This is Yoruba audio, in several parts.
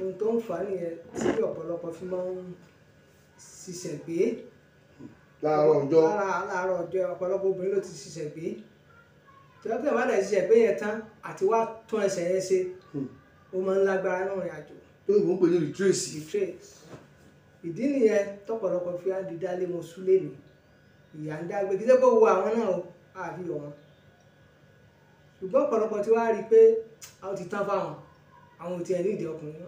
ohun tó ń fà á nìyẹn tí ọ̀pọ̀lọpọ̀ fi máa ń ṣiṣẹ́ gbé. láàárọ̀ ọjọ́ láàárọ̀ ọjọ́ ọ̀pọ̀lọpọ̀ obìnrin ló ti ṣiṣẹ́ gbé tọ́jú ẹ̀ má dẹ̀ ṣiṣẹ́ gbé yẹn tán àti wá tún ẹsẹ̀ yẹn ṣe hmm. ó máa ń lágbára nínú ìrìn àjò. tó ìwọ̀n pè ní retrace. retrace ìdí nìyẹn tọ́pọ̀lọpọ̀ fi á di dálé mo súlé mi ìyá ń dágbé kí sẹ́kọ̀ọ́ wo àwọn náà àbí wọn ṣùgbọ́n ọ̀pọ̀lọpọ̀ ti wá rí i pé a ti tán fáwọn àwọn ò tiẹ̀ nídìí ọkùnrin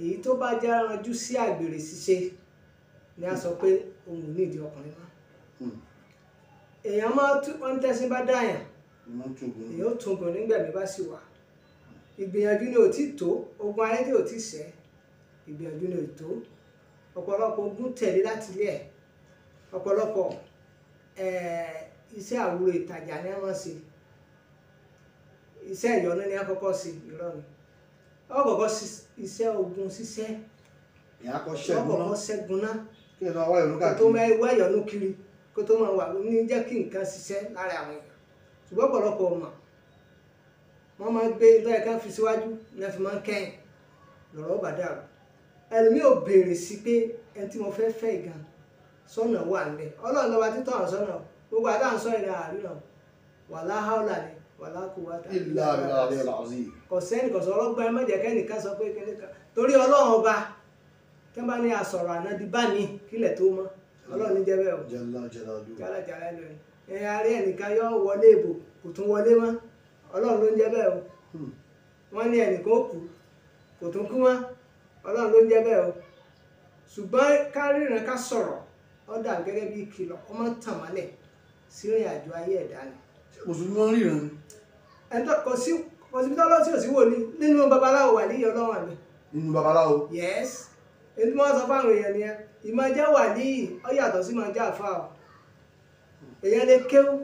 èyí tó bá já ranjú sí àgbèrè ṣíṣe ni a sọ pé òun ò nídìí ọkùnrin náà hmm. èèyàn máa tún wọn tẹ́sí bá dáyàn èèyàn ó tungun nígbẹ̀mí bá sì wà ìgbìyànjú ni ò tí tó ogun ayé ni ò tí sẹ́ ìgbìyànjú ni ò tó ọ̀pọ̀lọpọ̀ ogun tẹ̀lé láti ilé ẹ̀ ọ̀pọ̀lọpọ̀ iṣẹ́ àwúrò ìtajà ni wọ́n ṣe iṣẹ́ ìyọnu ni a kọ́kọ́ sí irọ́ ni ọ kọ́kọ́ iṣẹ́ ogun ṣiṣẹ́ ọ kọ́kọ́ ṣẹ́gun náà kó tó máa wá ìyọnu kiri kó tó máa wà ní jẹ́ kí nǹkan ṣiṣẹ́ lára àwọn èèyàn ṣùgbọ́n ọ̀pọ̀lọpọ̀ ọmọ wọ́n máa gbé lọ́yẹ̀ ká fi síwájú ní fi máa ń kẹ́yìn lọ́rọ̀ bá dàrú ẹlòmí ò béèrè sí pé ẹni tí mo fẹ́ fẹ́ ìgan sọ́nà wà ń bẹ ọlọ́run lọ́ba títọ́ àwọn sọ́nà gbogbo àdáhùn sọ́nà àríwá wàhálà ni kọ̀sẹ́nì kọ̀sọ́ ọlọ́gbà ẹ má jẹ́ kẹ́nìkan sọ pé kẹ́nìkan torí ọlọ́run ọba tẹ́nbà ni kílẹ̀ tó mọ́ ọlọ́run bẹ́ẹ̀ o mọ́ ọlọ́run ló ń jẹ́ bẹ́ẹ̀ o hmm. wọ́n ní ẹnìkan ó kú kò tún kú mọ́ ọlọ́run ló ń jẹ́ bẹ́ẹ̀ o ṣùgbọ́n mùsùlùmí wọn ríran ni. ẹ̀ńtọ́ kò sí kò sí tọ́lọ́ tí ò sí wò ni nínú babaláwo wà ní ìyọlọ́wọ̀n mi. nínú babaláwo. yes ètò wọn sọ fáwọn èèyàn nìyẹn ìmọ̀jẹ́ wà níyì ọ yàtọ̀ sí ìmọ̀jẹ́ àfa o èèyàn lè kéwú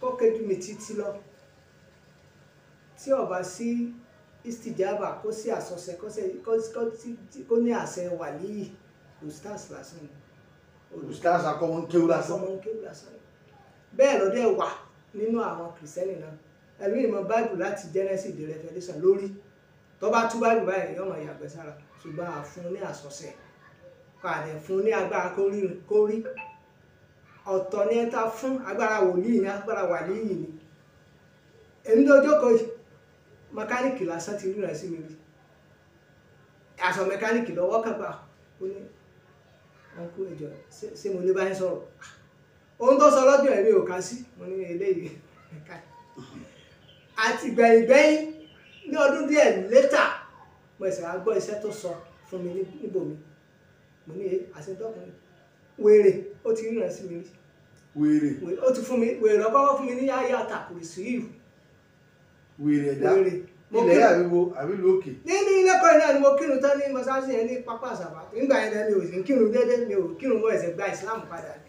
kó kéjú mi títí lọ tí ọba sí istijaba kó sí àsọsẹ kó ní àṣẹ wà níyì ustaz lásán. ustaz akọ́wọ́n kéwú lásán. akọ́wọ́n kéwú lásán bẹ́ẹ̀ lọ́dẹ̀ wà nínú àwọn kìrìsẹ́nì náà ẹlòmíì mọ báìbù láti Genesis dé Revelation lórí tó bá tú báìbù báyìí yọmọ yàgbẹ́ sára ṣùgbọ́n àfún ní àsọsẹ̀ pàdé fún ní agbára kórí ọ̀tọ̀ ni ẹ ta fún agbára wòlíì ní agbára wàlíì ni èmi tó jókòó yìí mẹkáníìkì lásán ti ríran sí mi rí aṣọ mẹkáníìkì lọ́wọ́ kan gbà ó ní wọn kú ìjọ ṣé mo lè bá yín sọ̀rọ̀ ohun tó sọ lọ́dún ẹ̀mí ò ká sí mo ní eléyìí àti gbẹ̀yìngbẹ̀yìn ní ọdún díẹ̀ létà mo ẹ̀sẹ̀ wá gbọ́ iṣẹ́ tó sọ fún mi níbòmí mo ní àṣetọ́kùnrin wèrè ó ti ríran sí mi rí wèrè ó ti fún mi wèrè ọkọ̀ fún mi ní ayé àtàkùrì sí ìlú wèrè ẹ̀dá ilẹ̀ àríwo àrílù òkè. nínú ilé kan náà ni mo kírun tán ní mọ́sáàsì yẹn ní pápá àṣàbà nígbà yẹn ni mi ò kírun déédéé mi ò kírun mọ́ ẹ̀sẹ̀ gba ìsìlámù padà ni.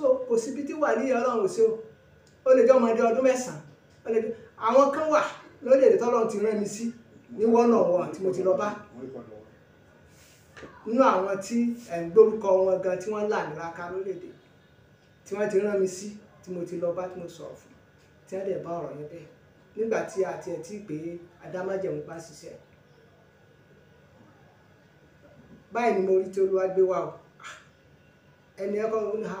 so kò wà níyà ọlọ́run sí o ó lè jẹ́ ọmọdé ọdún mẹ́sàn-án àwọn kan wà lórílẹ̀ tọ́lọ́run ti rán mi sí ní wọ́nà wọn tí mo ti lọ bá nínú àwọn tí ẹ̀ eh, ń gbórúkọ wọn gan tí wọ́n là níraka lórílẹ̀ tí wọ́n ti rán mi sí tí mo ti lọ bá tí mo sọ̀rọ̀ fún tí wọ́n dẹ̀ bá ọ̀rọ̀ yẹn bẹ́ẹ̀ nígbà tí a tiẹ̀ tí pé adámájẹ̀mú bá ṣiṣẹ́ báyìí ni mo rí tí olúwa gbé wa o ah, ẹni ẹ̀kọ́ ń ha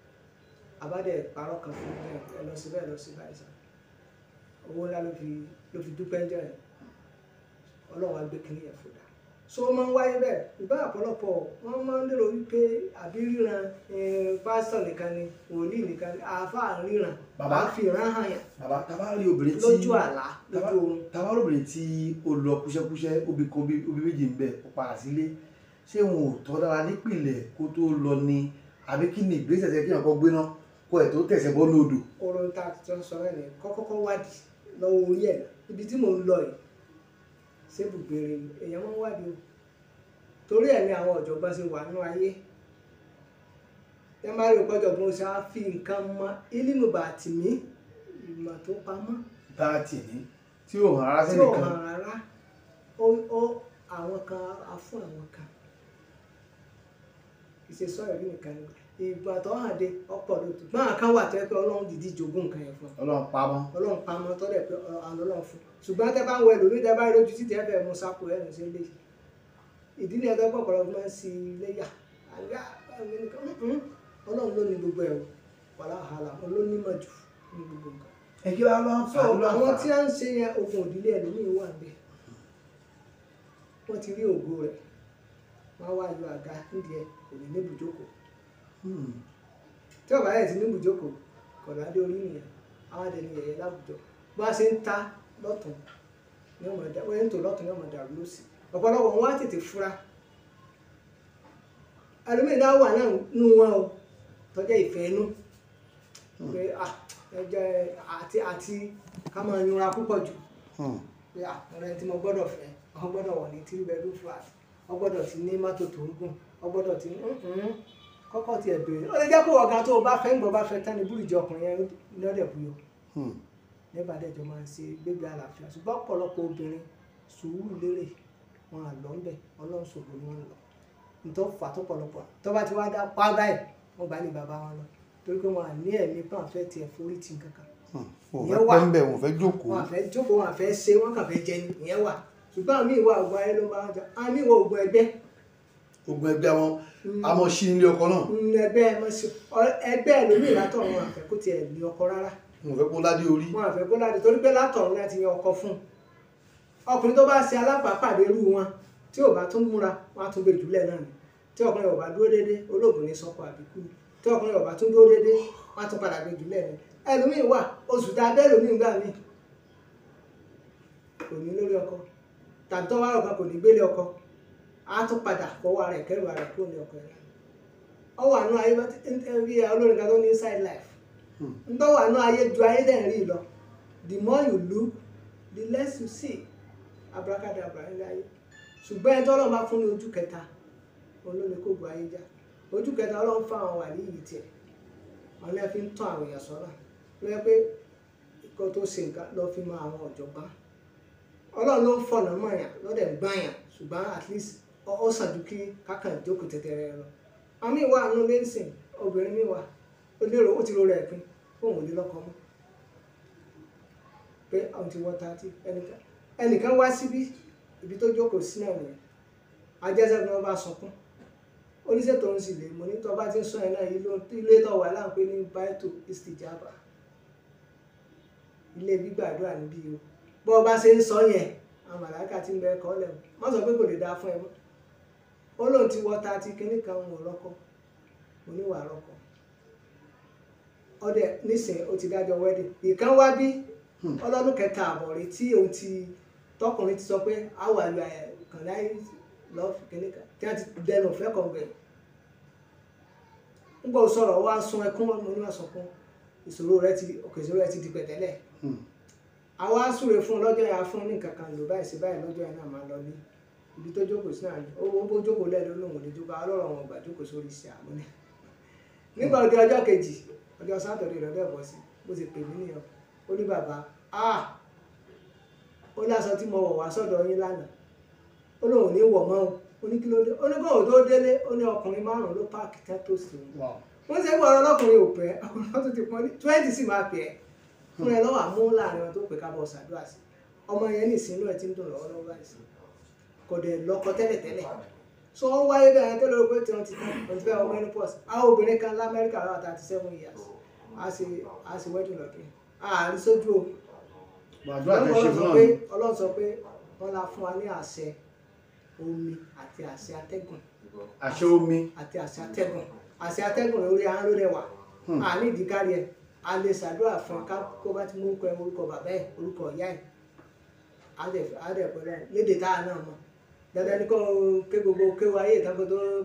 àbádẹ ìparọ́ kan fún ẹ ẹ lọ síbẹ̀ ẹ lọ síbẹ̀ ẹ sàn owó ńlá ló fi ló fi dúpẹ́ jẹ́ ẹ ọlọ́run á gbé kínní yẹn fún dà so wọ́n máa ń wáyé bẹ́ẹ̀ ìbá àpọ̀lọpọ̀ wọ́n máa ń lérò wípé àbí ríran pásítọ̀ nìkan ni wòlíì nìkan ni àáfàá ríran bàbá fi ìran hàn yàn bàbá tábà rí obìnrin tí lójú àlá lójú oorun tábà rí obìnrin tí ó lọ kúṣẹ́kúṣẹ́ obì kan obì méjì ń bẹ ó padà sílé ṣé wọn ò tọ́ dára nípìnlẹ̀ kó tó lọ ni àbí kí ni ìgbésẹ̀ tẹ́ kí wọn kọ́ gbé kó ẹ̀ tó tẹ̀sẹ̀ bọ́ lódò. ọ̀rọ̀ ta tó ń sọ náà ni kọ́kọ́kọ́ wádìí lọ́wọ́ orí ẹ̀ ibi tí mò ń lọ yìí ṣé bùgbèrè èèyàn máa ń wádìí o torí ẹ̀ ni àwọn ọ̀jọ̀gbọ́n ṣe wà nínú ayé ẹ má rí ìpọ́jọ́ bó ṣe á fi nǹkan mọ ìlímù bàtì mí ìmọ̀ tó pamọ́. bàtì ní tí ò hàn rárá sẹ́nìkan. tí ò hàn rárá ó àwọn kan á fún àwọn kan ìṣesọ́ ìrí nìkan ni ìgbà tó hàn dé ọ̀pọ̀ lòdì gbọ́n àká wà tẹ́ pé ọlọ́run dìdí jogún nǹkan yẹn fún ọ. ọlọ́run pamọ́. ọlọ́run pamọ́ tọ́lẹ̀ pé ọlọ́run fún ṣùgbọ́n tẹ́ bá ń wẹ lórí tẹ́ bá lójú títí ẹ fẹ́ ni ẹgbẹ́ pọ̀pọ̀lọ́ fún ẹ sí ilé yà ọlọ́run ló ní gbogbo ẹ̀ wàhálà olónímọ̀ jù ní gbogbo nǹkan. ẹ̀kí wa wá Hmm. tí ọ̀bá yẹn ti ní ibùjókò kọ̀dájú orí nìyẹn àwọn àdẹni yẹ̀yẹ́ láwùjọ bá a ṣe ń ta lọ́tún ní ọmọ ẹ̀dá wọ́n ń tò ní ọmọ tètè fura ẹlòmíì dá wà náà nù wọn o ìfẹ́ inú hmm. pé àti àti ká máa púpọ̀ jù hmm. ọ gbọ́dọ̀ wọ̀ ní ọ gbọ́dọ̀ ti ní ọ gbọ́dọ̀ ti kọ́kọ́ tiẹ̀ béèrè ó lè jẹ́ pé ọ̀gá tó o bá fẹ́ ń gbọ́ bá fẹ́ tán ni búrìjì ọkùnrin yẹn lọ́dẹ̀ buyọ̀ hmm. nígbà dẹ́jọ́ máa ń ṣe gbégbé àlàáfíà ṣùgbọ́n ọ̀pọ̀lọpọ̀ obìnrin sùúrù lérè wọn à lọ ńbẹ ọlọ́run ṣògo ni wọ́n lọ nítorí fà tó pọ̀lọpọ̀ tó bá ti wá dá pa báyìí wọ́n bá ní bàbá wọn lọ torí pé wọn à ní ẹ̀mí pé àwọn fẹ́ tiẹ̀ forí ti kankan. Hmm. wọn fẹ́ pẹ́ ńbẹ wọn fẹ́ jókòó. wọn fẹ́ jókòó wọn fẹ́ ṣe wọn kàn fẹ́ jẹ Hmm. a mọ sí ilé ọkọ náà. Hmm, ẹgbẹ́ ẹ mọ sí ẹgbẹ́ ẹ lómi ìlàtọ̀ wọn àfẹ́ kó tiẹ̀ ní ọkọ rárá. wọn fẹ́ kó ládé orí. wọn àfẹ́ kó ládé torí pé látọ̀run láti yan ọkọ fún un. ọkùnrin tó bá ṣe alábàápàdé irú wọn tí ò bá tún múra wọn á tún gbé jùlẹ̀ náà ni tí ọkùnrin ò bá dúró déédé olóògùn ní sọkọ àbíkú tí ọkùnrin ò bá tún dúró déédé wọn á tún padà gbé jùlẹ̀ ni ẹlòmíín wà oṣù tá a bẹ́ ẹlòmíín gbà mí kò ní lórí ọkọ tàbí tó wá ọkọ kò ní gbélé ọkọ á tún padà fọwọ́ ara ìkẹ́rù ara ọ wa nú anyị bí life ń tọ́ wà nú ayé lọ the more you look the less you see abrakadabra ní ayé ṣùgbọ́n ẹjọ́ fún ní ojú kẹta òun ojú kẹta fún àwọn tiẹ̀ ń pé kó tó ṣe nǹkan lọ́ fi mọ àwọn ọlọ́run ló ń fọ̀nà lọ́dẹ̀ Ọ sàn ju kí kákan ìjókòó lọ àmì ìwà àánú mẹ́sìn obìnrin mi wà ó ó ti ro rẹ̀ fóun ò lè lọ́kọ mọ́ pé àwọn ti wọ tààtì ibi tó jókòó sí náà nìyẹn ń sì lè tí ń sọ náà ilé tó wà láǹpẹ́ ní ilé gbígbàdúrà níbí o bọ́ ṣe ti ń bẹ kọ́ sọ pé kò lè dáa fún ẹ mọ́. ó lóun ti wọ ti kinní oníwà rọkọ ọdẹ nísìnyí ó ti dájọ wẹdìn ìkan wá bí hmm. ọlọ́dún kẹta àbọ̀ rẹ̀ tí òun ti tọkùnrin ti sọ pé awa àlù kàn kan ti dẹnu òfẹ́ kan ti òkè rẹ ti hmm. fún lọjọ ya fún ní báyìí báyìí náà máa lọ ní ibi tó jókòó sí náà ó bó jókòó lẹ́nu lòun ní jókòó ọlọ́run wọn gbà jókòó sórí iṣẹ́ àmọ́ ni nígbà òde ọjọ́ kejì ọjọ́ sátọ̀dẹ̀ lọ́dọ̀ ẹ̀bọ̀ sí bó ti pè mí nìyẹn ó ní bàbá a ó lásán tí mo wọ̀ wá sọ́dọ̀ yín lánàá ó lóun ní wọ̀ mọ́ ó ní kí ló dé ó ní kóhùn tó délé ó ní ọkùnrin márùn-ún ló páàkì tẹ́ sí wọn wọ́n ṣe ń wọ ọlọ́kùnrin ò pẹ́ ọkùnrin tó ti pọ́n ní twenty sì máa pẹ́ fún ẹ lọ́wọ́ àmú láàrin wọn tó pè ká bọ̀ ṣàdúrà sí ọmọ yẹn nìsín ló ẹ kò dẹ̀ lọ́kọ tẹ́lẹ̀tẹ́lẹ̀ so wọ́n wáyé bẹ́ẹ̀ tó lórí pé tí wọ́n ti ti fẹ́ ọmọ ẹni pọ̀s A obìnrin kan lamẹ́ríkà rà thirty seven years a sì wẹ́dùn lọ́dún àárín sójú o ọlọ́run sọ pé wọ́n la fún wa ní àṣẹ omi àti àṣẹ atẹ́gùn àṣẹ omi àti àṣẹ atẹ́gùn àṣẹ atẹ́gùn lórí ahọ́n ló rẹwà àní hmm. ìdíkárí ẹ̀ a lè ṣàdúrà fún ká kó bá ti mú orúkọ ẹ̀ orúkọ bàbá ẹ̀ orúkọ ìyá ẹ̀ á dẹ̀ pẹ̀lú ẹ̀ lédè táà náà mọ̀ dandan ni kọ́ ké gbogbo ké wa ayé ìtàn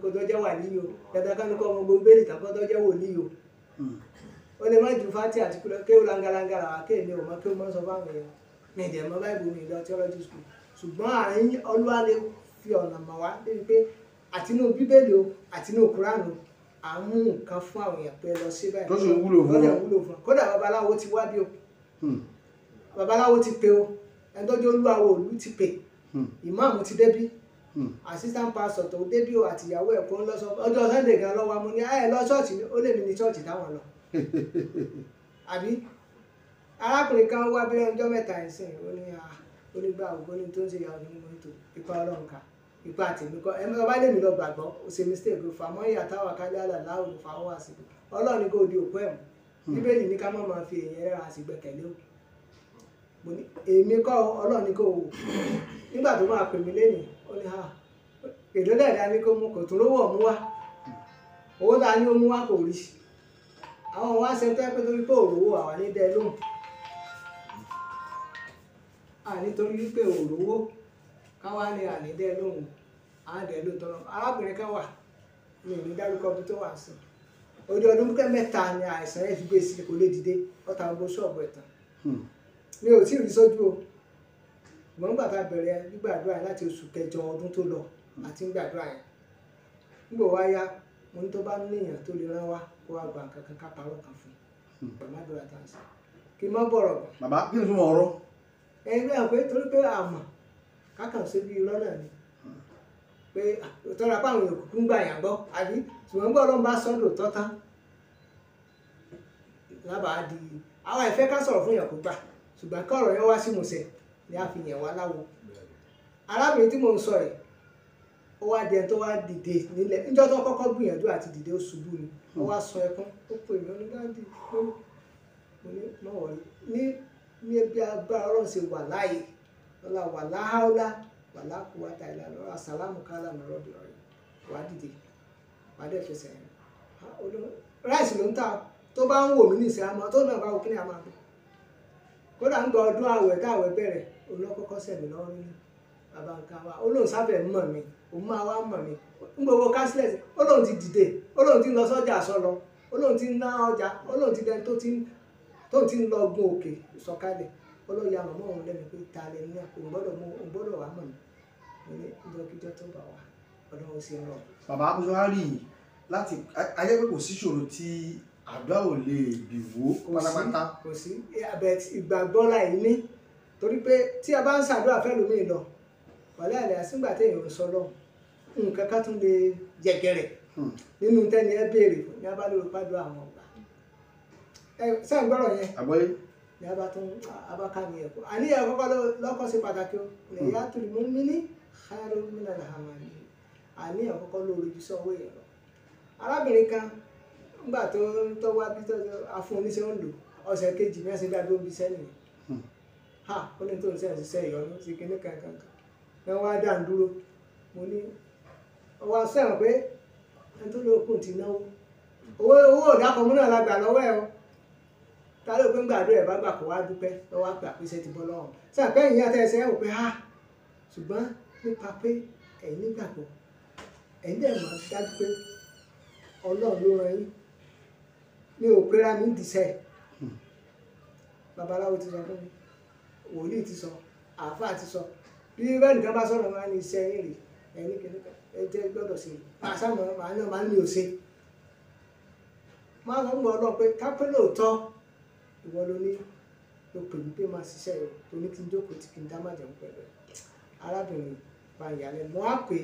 kó tó jẹ́ wà níyì o dandan ká ní kọ́ ọmọ gbogbo bẹ́ẹ̀lì ìtàn kó tó jẹ́ wò níyì o o hmm. lè má ju fati àti kéwù langalanga làwọn akéèmí ò mọ kéwù mọ sọ fáwọn èèyàn mi ìdè mọ báyìí mi lọ theology school ṣùgbọ́n àárín Olúwa lè fi ọ̀nà mọ̀ wá débi pé àtinú bíbélì o àtinú kúránù à ń mú nǹkan fún àwọn èèyàn pé lọ sí báyìí tó sì wúlò fún wọn kódà babaláwo ti wá bí o hmm. babaláwo ti pe o ẹni tọ́jú olúwa wo òlú ti pè. Hmm. ìmáàmù ti débí hmm. assistant pastor tó débí o àtìyàwó ẹ̀ ń lọ sọ ọjọ́ sunday gan lọ́wọ́ amúni ẹ lọ ṣọ́ọ̀ṣì ó lè mi ní ṣọ́ọ̀ṣì táwọn lọ àbí arákùnrin kan wá bí ọjọ́ mẹ́ta ẹ̀sìn ó ní onígbà ah, ògbóni tó ń ṣe ìyàwó nínú ètò ipa ọlọ́run ká ipa tèmi kọ ẹ̀mí ọba lèmi lọ gbàgbọ́ ó ṣe mistake ó ìyá táwọn akálẹ̀ àlàlá òun fà àsìkò ọlọ́run nígbà tó máa pè mí lẹ́nu ó ní ha ah, èdè dẹ̀dá ni kò mú kò tún lówó ọ̀mú wá owó tá a ní ọmú wá kò rí àwọn wá ṣe tẹ́ pé torí pé òrówó àwa ní dẹ lóhùn pé òrówó káwá ní dẹ lóhùn arábìnrin kan wà ní ìlú dárúkọ bí wà sí odi ọdún mẹ́ta ni àìsàn ẹ̀ fi gbé e sí kò lè dìde gbogbo ṣùgbọ́n nígbà bẹ̀rẹ̀ gbígbàdúrà láti oṣù kẹjọ ọdún tó lọ àti gbàdúrà yẹn nígbà wá yá mo ní tó bá níyàn tó lè rán wá kó gba nǹkan kan fún un gbàmádùrà hmm. tá a sọ kí n má bọ̀rọ̀ bọ̀. bàbá kí n tún àpé torí pé àmọ̀ kákan ṣe bí irọ́ náà fún yàn kó gbà ṣùgbọ́n ọ̀rọ̀ ni a fi yàn wá láwo arábìnrin tí mò ń sọ yìí ó wá di tó wá dìde nílẹ̀ níjọ́ tó kọ́kọ́ gbìyànjú àti dìde ó ṣubú ni ó wá sọ ẹkún ó pè mí ọ́nú dáńdì ó ní ní ní agbára ṣe wà láàyè wà wà lákùúwá àsálàmù wà dìde wà ráìsì ló ń ta tó bá ń wò mí tó náà bá wò kí olókọ́kọ́ sẹ̀mí lọ́wọ́ nílé wa olóhùn sábẹ̀ mọ̀ mi òun máa wá mọ̀ mi ń gbogbo cashless olóhùn ti dìde olóhùn ti lọ sọ́jà sọ́lọ olóhùn ti ná ọjà olóhùn ti dẹni tó ti ń lọ gun òkè ìsọ̀kalẹ̀ olóhùn ya màmá òun lẹ́nu pé ta lẹ́nu náà òun gbọ́dọ̀ mú òun gbọ́dọ̀ wá mọ̀ mi ní ìjọkíjọ tó bá wà ọlọ́run sì rọ. bàbá abudu wa rí i láti ayé pé kò sí tí àdúrà ò lè bì pátápátá. kò sí ìgbàgbọ́ láì ní torí pé tí a bá ń ṣàdúrà fẹ́ lómi lọ wàhálà àlẹ́ àsìngbà téèyàn sọ lọ nǹkan ká tún lè yẹ̀gẹ̀rẹ̀ hmm. nínú tẹ́ni ẹ béèrè fún ní abálò ìpàdé àwọn ọgbà ẹ sẹ́yìn gbọ́rọ̀ yẹn àgbọ́yé ẹ̀kọ́ àní ẹ̀kọ́ kọ́ lọ́kọ́ sí pàtàkì o mú mi ní mi nà ni àní ẹ̀kọ́ kọ́ lórí ju sọ́wọ́ yẹn lọ arábìnrin kan tó tọ́wọ́ abitọ́ lò ọ̀sẹ̀ kejì ha ó ní tó ń sẹ́ ṣiṣẹ́ ìyọnu sí kinní kankan kan ni wọ́n ń dúró mo ní ọwọ́ sẹ́wọ̀n pé ẹni tó lóòkùn ti náwó owó owó òdàkọ̀mú náà la gbà lọ́wọ́ ẹ̀ o ta ló pé ń gbàdúrà ẹ̀ bá gbà kó wá dúpẹ́ lọ́wọ́ àgbà pé iṣẹ́ ti bọ́ lọ́wọ́ sàpẹ́ ìyìn àtẹ̀sẹ̀ ẹ̀ wò pé ha ṣùgbọ́n nípa pé ẹ̀yin nígbàgbọ́ ẹ̀yin dẹ̀ máa dájú pé ọlọ́run ló rán yín mi ò mi ń dìṣẹ́ hmm. babaláwo ti sọ fún mi wòlíì ti sọ àáfàá ti sọ bí bẹ́ẹ̀ nìkan bá sọ̀rọ̀ máa ní iṣẹ́ yìí rè ẹni ẹ jẹ́ gbọ́dọ̀ sí i máa sábà máa ní ọ̀ma mi ò ṣe máa sọ ń gbọ́ pé kápẹ́ lóòótọ́ ìwọ ló ní ló pè mí pé máa ṣiṣẹ́ rẹ̀ tó ní kí n jókòó tí kì í dá májẹ̀mú pẹ̀lú arábìnrin bá ìyá mọ́ á pè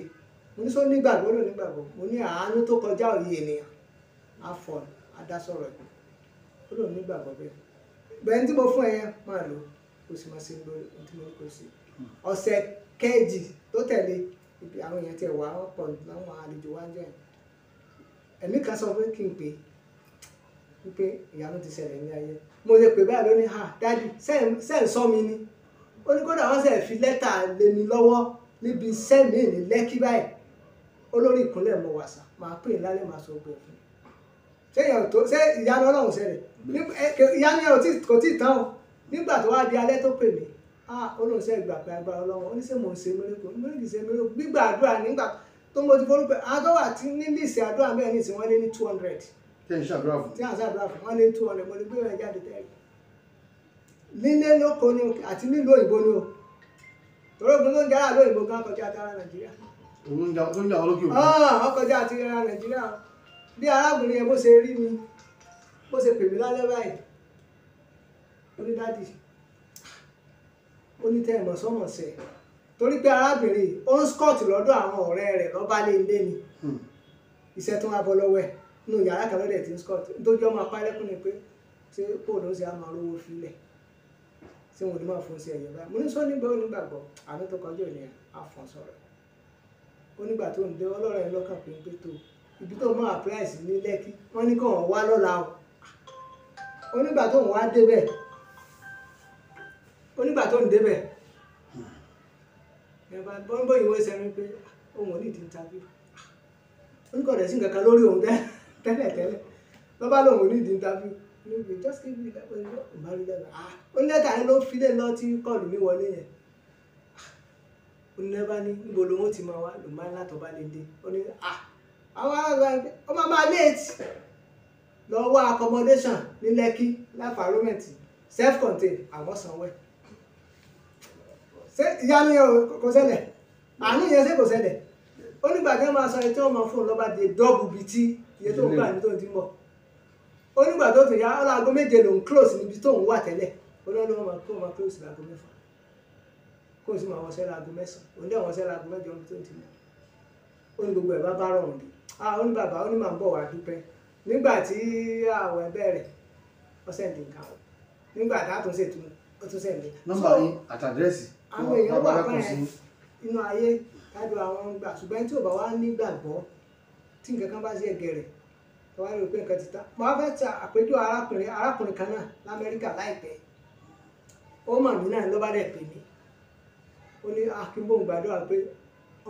mo ní sọ nígbàgbọ́ ló nígbàgbọ́ mo ní àánú tó kọjá òye ènìyàn afọ adásọ̀rọ̀ ẹ̀ ó lò nígbàgbọ́ bẹ́ẹ̀ bẹ́ẹ̀ ní tí mo fún ẹ yẹn máa lò ó kó sì máa ṣe lórí ohun tí mo ní kó ṣe ọ̀sẹ̀ kejì tó tẹ̀lé ibi àwọn èèyàn tiẹ̀ wá ọ̀pọ̀ láwọn àlejò wá jẹ́ ẹ̀mí kan sọ pé kí n pè é wípé ìyanu ti ṣẹlẹ̀ ní ayé mo lè pè báyìí lónìí ha dádì sẹ́ẹ̀ sọ mi ni ó ní kódà wọ́n sẹ́ẹ̀ fi lẹ́tà lé mi lọ́wọ́ níbi iṣẹ́ mi ní lẹ́kí báyìí olórí ìkúnlẹ̀ mo wà sá máa pè lálẹ́ máa sọ gbẹ̀ fún ṣé ìyanu ọlọ́run ṣẹlẹ̀ ìyanu yẹn kò tí ì tán o nígbà tó wá di alẹ́ tó pè mí ah olóńsẹ́ ìgbà pé agbára ọlọ́run ó ní sẹ́ mò ń ṣe mélòó mélòó ṣe mélòó gbígbà àdúrà nígbà tó mo ti forúkọ àgọ́wà tí ní lísì àdúrà bẹ́ẹ̀ ní ìsìn wọ́n lé ní two hundred. tí n ṣàdúrà fún. tí n ṣàdúrà fún wọ́n lé ní two hundred mo lè gbé wọn jáde tẹ́lẹ̀. lílé lóko ni àti nílùú òyìnbó ni o torí ogun ló ń jára lóyìnbó gan kọjá ti ara nàìjíríà. òun ń jà òun ń jà olókè òun. ọ̀hún ah, kọjá ti ara nàìjíríà bí arábìnrin yẹn bó ṣe rí mi bó ṣe pè mí lálẹ́ báyìí onídàdí onítẹ̀mọ̀ sọ́mọ̀sẹ̀ torí pé arábìnrin ó ń scott lọ́dọ̀ àwọn ọ̀rẹ́ rẹ̀ lọ́bàlẹ̀ ilé ni hmm. iṣẹ́ tó ń bọ́ lọ́wọ́ ẹ̀ nínú yàrá kan lọ́dẹ̀ tí ń scott nítorí ọmọ apáyẹ́lẹ́kùn ni pé tí kò ló ń ṣe àmọ́ owó filẹ̀ tí wọn ò ní máa fún sí ẹ̀yẹ báyìí mo ní sọ nígbà onígbàgbọ́ àmì tó kọjú ìní àfọ̀n sọ̀rọ̀ onígbà tó ń dé ọlọ́rọ̀ lọ́kàn pé pé tó ibi tó máa apply sí ní lẹ́kí wọ́n ní kàn wá lọ́la o onígbà tó ń wá débẹ̀ onígbà tó ń débẹ̀ ẹ̀bà bọ́ńbọ́yìnbó sẹ́rin pé ah, òun ò ní ìdí ntàbí oníkọ̀ rẹ̀ sí nǹkan kan lórí òun tẹ́lẹ̀ tẹ́lẹ̀ lọ́ba lòun ò ní ìdí ntàbí níbi just give me that way ó bá rí lẹ́nu ah ó ní lẹ́tà yẹn ló fi lé lọ tí kọ́ọ̀lù mi wọlé yẹn ah, ó ní lẹ́bàá ní níbo lòun ó ti máa wá lòun máa ń látọ̀ bá lè dé ó ah àwọn àgbà ọmọ máa late lọ accommodation ní Lẹ́kì láfàárọ́mẹ̀tì self-contained àwọn sanwó ẹ̀. ṣé ni o kò ṣẹlẹ̀ àánú yẹn ṣé kò ṣẹlẹ̀ ó máa sọ ẹ tí fún di dọ́ọ̀bù bíi tí iye tó ń gbà ní tó ń ti mọ̀ ó tó yá méje close níbi tó ń wà tẹ́lẹ̀ olólùwọ́n máa kó máa close láago mẹ́fà kó o sì máa wọṣẹ́ láago mẹ́sàn-án òun dẹ̀ wọṣẹ́ láago mẹ́jọ níbi tó ń gbogbo a tún àwọn èèyàn wà báyẹn inú ayé tájú àwọn ń gbà ṣùgbọ́n tí ò bá wá nígbàgbọ́ tí nǹkan kan bá ṣe gẹ̀rẹ̀ ẹ wá rò pé nǹkan ti ta mo wá fẹ́ ta àpéjọ arákùnrin arákùnrin kan náà lamẹ́ríkà láìpẹ́ ó mà mí náà ló bá dẹ̀ pè mí ó ní akínbóhùn ah, gbàdúrà pé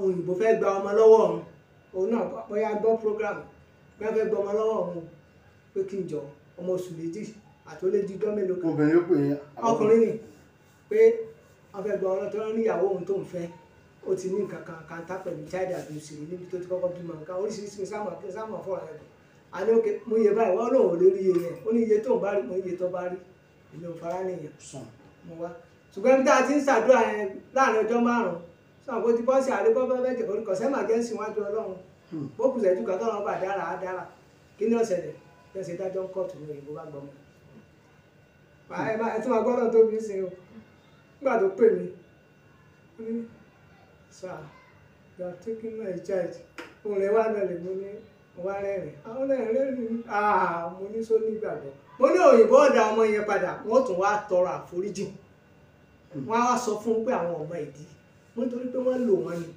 òyìnbó fẹ́ gba ọmọ lọ́wọ́ òun òun náà bóyá gbọ́ program bóyá fẹ́ gba ọmọ lọ́wọ́ òun pé kí n jọ ọmọ oṣù méjì àti ó lé dídọ́ obìnrin pè é ọkùnrin ni pé afẹ́gbọ́ ọ̀rọ̀ tó ń rí ìyàwó tó ń fẹ́ ó ti ní nǹkan kan kàńtà pẹ̀lú child abuse rí níbi tó ti kọ́kọ́ bímọ nǹkan oríṣiríṣi ní sáàmù àti sáàmù àfọ̀rọ̀ ẹ̀bùn àní òkè mú iye báyìí wọ́n lòun ò lè rí yẹn ó ní iye tó ń bá rí mú iye tó bá rí èmi ò fara nìyẹn sùn mo wá ṣùgbọ́n ibi tá a ti ń ṣàdúrà yẹn láàrin ọjọ́ márùn-ún sọ pé ti bọ́sì àríkọ́ bẹ́ẹ̀ bẹ́ẹ̀ jẹ̀kọ́ kọ̀ sẹ́mà jẹ́ wájú ọlọ́run bó hmm. kù sẹ́jú kan nígbà tó pè mí ó ní sir you are taking my charge òun rẹ̀ wá lọlẹ̀ mo ní wá rẹ́rìn àwọn ẹ̀rẹ́rìn ah, mo ní sọ nígbàgbọ́ mo ní òyìnbó ọ̀dà ọmọ yẹn padà wọ́n tún wá tọrọ àforíjì wọ́n á wá sọ fún pé àwọn ọmọ ìdí wọ́n torí pé wọ́n lò wọ́n ni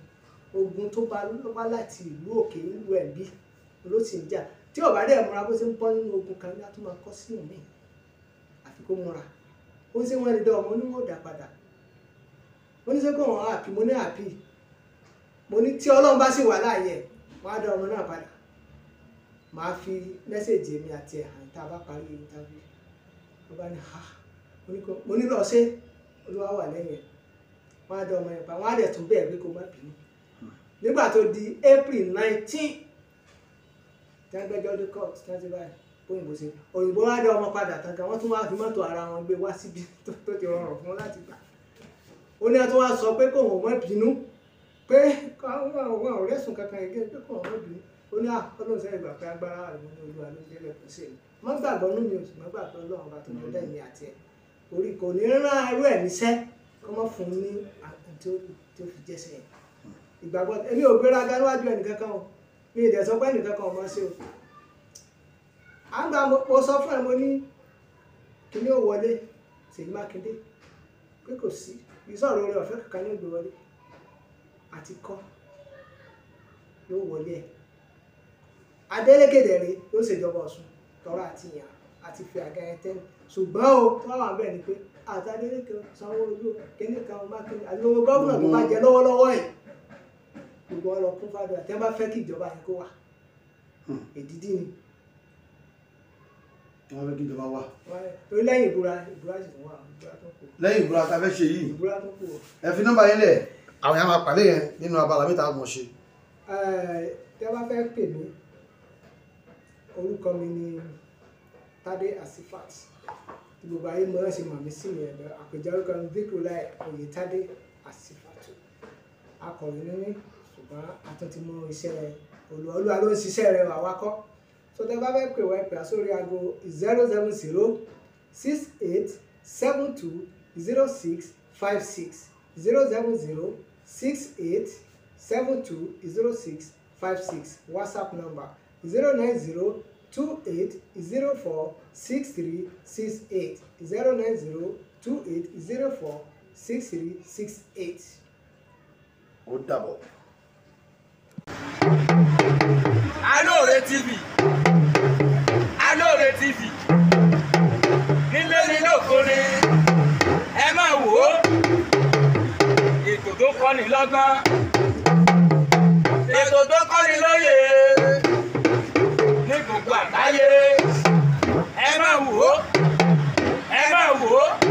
ogun tó bá lọ́wọ́ láti ìlú òkè ìlú ẹ̀bí ló ti ń jà tí ọ̀bá dẹ̀ múra bó ti ń bọ́ nínú ogun kan ní a tún máa kọ́ sí òun mi àfi kó múra ó ṣe wọ́n lè dá ọmọ oníwọ̀n dà padà mo ní sẹ́kọ̀ wọn àpì mo ní àpì mo ní tí ọlọ́run bá sì wà láàyè wọ́n á dá ọmọ náà padà màá fi mẹ́sẹ̀jì èmi àti ẹ̀hàn tá a bá parí ìtàgé ló bá ní ha ah! mo ní lọ ṣe olúwa wà lẹ́yìn wọ́n á dá ọmọ yẹn pa wọ́n á dẹ̀ tún bẹ́ẹ̀ pé kó má bínú nígbà tó di April nineteen tí wọ́n gbẹ́jọ́ dé court tí wọ́n ti báyìí bóyìnbó ṣe òyìnbó wá dá ọmọ padà tán kan wọ́n tún wá fi mọ́tò ara wọn gbé wá síbi tó ti rọrùn fún láti gbà ó ní àtúwá sọ pé kò wọ́n mọ́ bínú pé àwọn ọ̀rẹ́ kankan yìí pé kò wọ́n mọ́ bínú ó ní ọlọ́run sẹ́yìn gbà pé agbára àwọn olúwa ló jẹ́ lẹ́kùn sí mi má gbàgbọ́ nínú mi ò sì má gbà pé bá tó lọ lẹ́yìn àti ẹ̀ orí kò ní rán irú ẹ̀ níṣẹ́ kó má fún ní àkùn tí fi jẹ́sẹ̀ ẹ̀ ìgbàgbọ́ èmi ò gbéraga níwájú ẹnìkankan o mi ì à ń gba mo sọ fún ẹ mo ní kíní ò wọlé Ṣèyí Mákindé pé kò sí ìsọ̀rọ̀ orí ọ̀fẹ́ kankan ní ìgbé wọlé àti kọ́ yóò wọlé ẹ̀ Adeleke dẹ̀rẹ̀ yóò ṣèjọba Ọ̀ṣun tọrọ àti ìyá àti fi àga ẹ tẹ́lẹ̀ ṣùgbọ́n o fáwọn abẹ́ ni pé àti Adeleke Sanwó-Olú kíní kan Mákindé àti gbogbo gómìnà tó bá jẹ lọ́wọ́lọ́wọ́ ẹ̀ gbogbo ọlọ́kún fàdúrà tẹ́ bá fẹ́ kí ìjọba yẹn kó wà hmm. èdìdí ni wọ́n fẹ́ kí ìjọba wà. lẹ́yìn ìbúra ìbúra sì wà ìbúra tó kù. lẹ́yìn ìbúra tá a fẹ́ ṣe yìí ìbúra tó kù. ẹ fi nọ́mbà yín lẹ̀ àwọn yàrá máa pàdé yẹn nínú abala mẹ́ta mọ̀ ṣe. tẹ́ bá fẹ́ pè mí orúkọ mi ni Tade Asifat gbogbo ayé mọ́ ẹ̀sìn màmí sí mi ẹ̀dọ̀ àpèjáwé kan dípò láì òye Tade Asifat akọ̀wé ní ṣùgbọ́n a tún ti mú iṣẹ́ olúwa ló ń ṣiṣẹ́ rẹ̀ wà wákọ́ so tẹ bá fẹ́ pè wá pè sórí aago zero seven zero six eight seven two zero six five six zero seven zero six eight seven two zero six five six whatsapp number zero nine zero two eight zero four six three six eight zero nine zero two eight zero four six three six eight. ó double Alóore TV the TV nílé ní lóko ni ẹ máa wò ó ètò tó kọ́ni lọ́gbọ́n ètò tó kọ́ni lóye ní gbogbo àgbáyé ẹ máa wò ó ẹ máa wò ó.